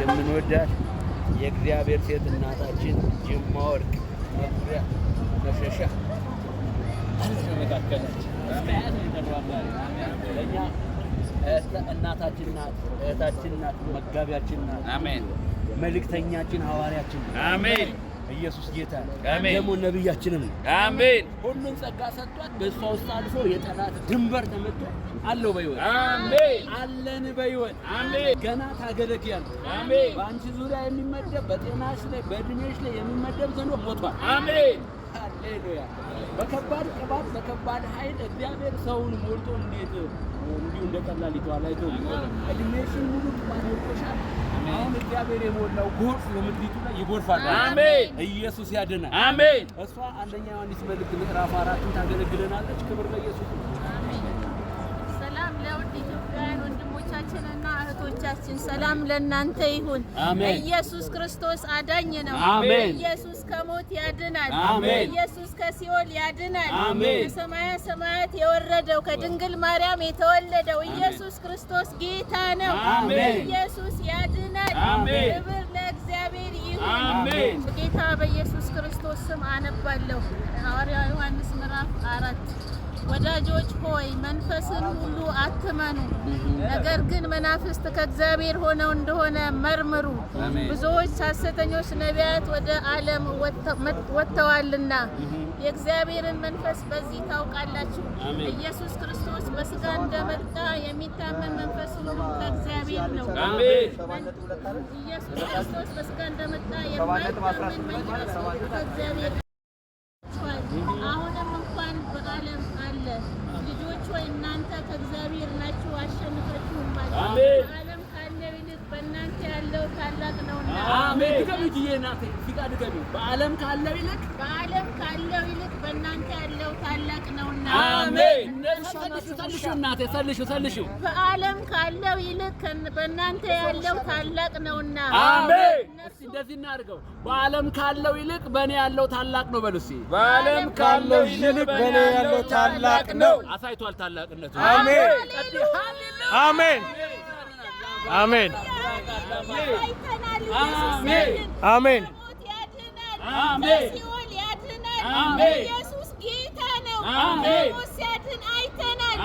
የምንወዳት የእግዚአብሔር ሴት እናታችን ጅማ ወርቅ መኩሪያ መሸሻ ለእኛ እናታችን ናት፣ እህታችን ናት፣ መጋቢያችን ናት፣ መልእክተኛችን ሐዋርያችን ናት። አሜን። ኢየሱስ ጌታ ደግሞ ነብያችንም ነው። አሜን። ሁሉን ጸጋ ሰጥቷት በእሷ ውስጥ አልፎ የጠላት ድንበር ተመቶ አለው በይወት አሜን። አለን በይወት አሜን። ገና ታገለግያለሽ። አሜን። በአንቺ ዙሪያ የሚመደብ በጤናሽ ላይ በእድሜሽ ላይ የሚመደብ ዘንዶ ሞቷል። አሜን። ሃሌሉያ። በከባድ ቅባት በከባድ ኃይል እግዚአብሔር ሰውን ሞልቶ እንዴት እንዲሁ እንደ ቀላል ይተዋላይቶ እድሜሽን ሙሉ ጥባን አሁን እግዚአብሔር የሞላው ጎርፍ በምድሪቱ ላይ ይጎርፋል። አሜን። ኢየሱስ ያድናል። አሜን። እሷ አንደኛ ዮሐንስ መልእክት ምዕራፍ አራትን ታገለግለናለች። ክብር ለኢየሱስ። ኢትዮጵያውያን ወንድሞቻችንና እህቶቻችን ሰላም ለእናንተ ይሁን። ኢየሱስ ክርስቶስ አዳኝ ነው። ኢየሱስ ከሞት ያድናል። ኢየሱስ ከሲኦል ያድናል። ከሰማያ ሰማያት የወረደው ከድንግል ማርያም የተወለደው ኢየሱስ ክርስቶስ ጌታ ነው። ኢየሱስ ያድናል። ክብር ለእግዚአብሔር ይሁን። በጌታ በኢየሱስ ክርስቶስ ስም አነባለሁ። ሐዋርያ ዮሐንስ ምዕራፍ አራት ወዳጆች ሆይ መንፈስን ሁሉ አትመኑ፣ ነገር ግን መናፍስት ከእግዚአብሔር ሆነው እንደሆነ መርምሩ፣ ብዙዎች ሐሰተኞች ነቢያት ወደ ዓለም ወጥተዋልና። የእግዚአብሔርን መንፈስ በዚህ ታውቃላችሁ፣ ኢየሱስ ክርስቶስ በስጋ እንደመጣ የሚታመን መንፈስ ሁሉ ከእግዚአብሔር ነው። ኢየሱስ ክርስቶስ በስጋ እንደመጣ የማይታመን መንፈስ ሁሉ ከእግዚአብሔር ነው። በዓለም ካለው ይልቅ በዓለም ካለው ይልቅ በእናንተ ያለው ታላቅ ነውና። አሜን። እናቴ ሰልሹ ሰልሹ። በዓለም ካለው ይልቅ በእናንተ ያለው ታላቅ ነውና። አሜን። እንደዚህ እናድርገው። በዓለም ካለው ይልቅ በእኔ ያለው ታላቅ ነው። በሉ እስኪ በዓለም ካለው ይልቅ በእኔ ያለው ታላቅ ነው። አሳይቷል ታላቅነቱ። አሜን። አሜን። አሜን። አሜን። ሲኦል ያድናል። ኢየሱስ ጌታ ነው። ሞት ሲያድን አይተናል።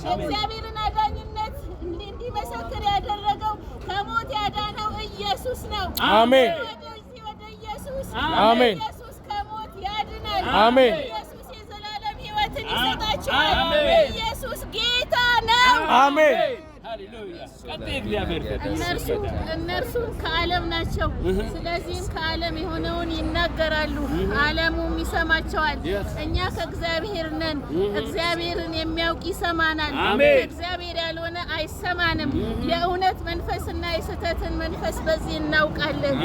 ዛሬ እግዚአብሔርን አዳኝነት እንዲመሰክር ያደረገው ከሞት ያዳነው ኢየሱስ ነው። አሜን። ወደ ኢየሱስ ኢየሱስ ከሞት ያድናል። አሜን። ይሰጣቸዋል። ኢየሱስ ጌታ ነው። አሜን። እነርሱም ከዓለም ናቸው፣ ስለዚህም ከዓለም የሆነውን ይናገራሉ፣ ዓለሙም ይሰማቸዋል። እኛ ከእግዚአብሔር ነን፣ እግዚአብሔርን የሚያውቅ ይሰማናል። እግዚአብሔር ያልሆነ አይሰማንም። የእውነት መንፈስና የስህተትን መንፈስ በዚህ እናውቃለን።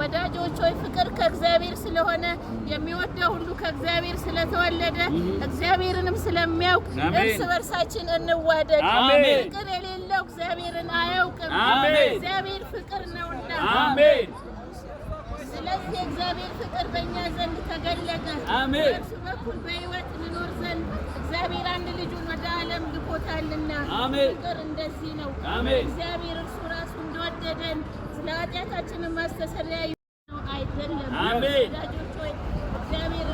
ወዳጆች ሆይ ፍቅር ከእግዚአብሔር ስለሆነ የሚወደው ሁሉ ከእግዚአብሔር ስለተወለደ እግዚአብሔርንም ስለሚያውቅ እርስ በርሳችን እንዋደድ። ፍቅር የሌለው እግዚአብሔርን አያውቅም፣ እግዚአብሔር ፍቅር ነውና። ስለዚህ የእግዚአብሔር ፍቅር በእኛ ዘንድ ተገለጠ፣ በእርሱ በኩል በሕይወት እንኖር ዘንድ እግዚአብሔር አንድ ልጁን ወደ ዓለም ልኮታልና። ፍቅር እንደዚህ ነው፣ እግዚአብሔር እርሱ ራሱ እንደወደደን ስለ ኃጢአታችንን ማስተሰሪያ ወዳጆች ሆይ እግዚአብሔር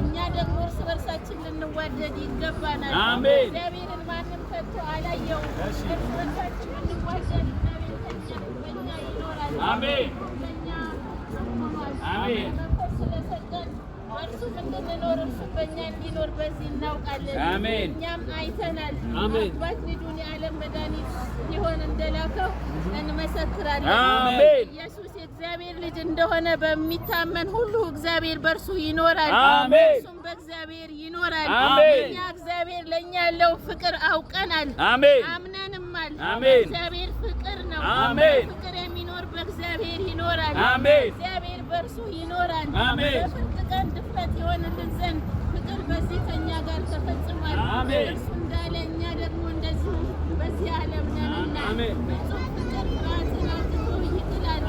እኛ ደግሞ እርስ በርሳችን ልንዋደድ ይገባናል። እግዚአብሔርን ማንም ከቶ አላየውም። እርስ በርሳችን እንዋደድ፣ አሜን። እርሱም እንደሚኖር እርሱ በእኛ እንዲኖር በዚህ እናውቃለን፣ እኛም አይተናል። አባት ልጁን የዓለም መድኃኒት ሊሆን እንደላከው እንመሰክራለን። ኢየሱስ የእግዚአብሔር ልጅ እንደሆነ በሚታመን ሁሉ እግዚአብሔር በእርሱ ይኖራል፣ እርሱም በእግዚአብሔር ይኖራል። እኛ እግዚአብሔር ለእኛ ያለው ፍቅር አውቀናል፣ አምነንማል። እግዚአብሔር ፍቅር ነው። ፍቅር የሚኖር በእግዚአብሔር ይኖራል። በእርሱ ይኖራል። በፍርድ ቀን ድፍረት የሆንልን ዘንድ ፍቅር በዚህ ከእኛ ጋር ተፈጽሟል። እርሱ እንዳለ እኛ ደግሞ እንደዚሁ በዚህ ዓለም ነንና ፍቅር ፍርሃትን አጥቶ ይጥላል።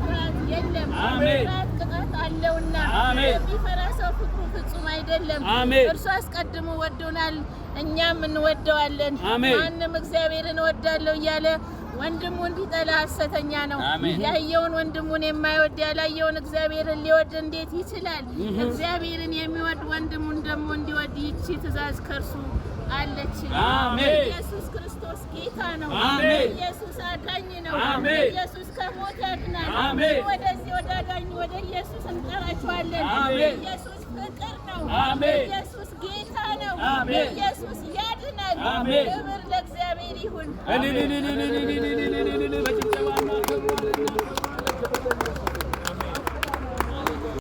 ፍርሃት የለም። ፍርሃት ቅጣት አለውና የሚፈራ ሰው ፍቅሩ ፍጹም አይደለም። እርሱ አስቀድሞ ወዶናል፣ እኛም እንወደዋለን። ማንም እግዚአብሔርን እወዳለሁ እያለ ወንድሙ እንዲጠላ ሐሰተኛ ነው። ያየውን ወንድሙን የማይወድ ያላየውን እግዚአብሔርን ሊወድ እንዴት ይችላል? እግዚአብሔርን የሚወድ ወንድሙን ደግሞ እንዲወድ ይቺ ትእዛዝ ከእርሱ አለች። ኢየሱስ ክርስቶስ ጌታ ነው። ኢየሱስ አዳኝ ነው። ኢየሱስ ከሞት ያድናል። ወደዚህ ወደ አዳኝ ወደ ኢየሱስ እንጠራችኋለን። ኢየሱስ ፍቅር ነው። ኢየሱስ ጌታ ነው። ኢየሱስ ያድናል። นี่คุณนี่นี่นี่นี่นี่นี่นี่นี่นี่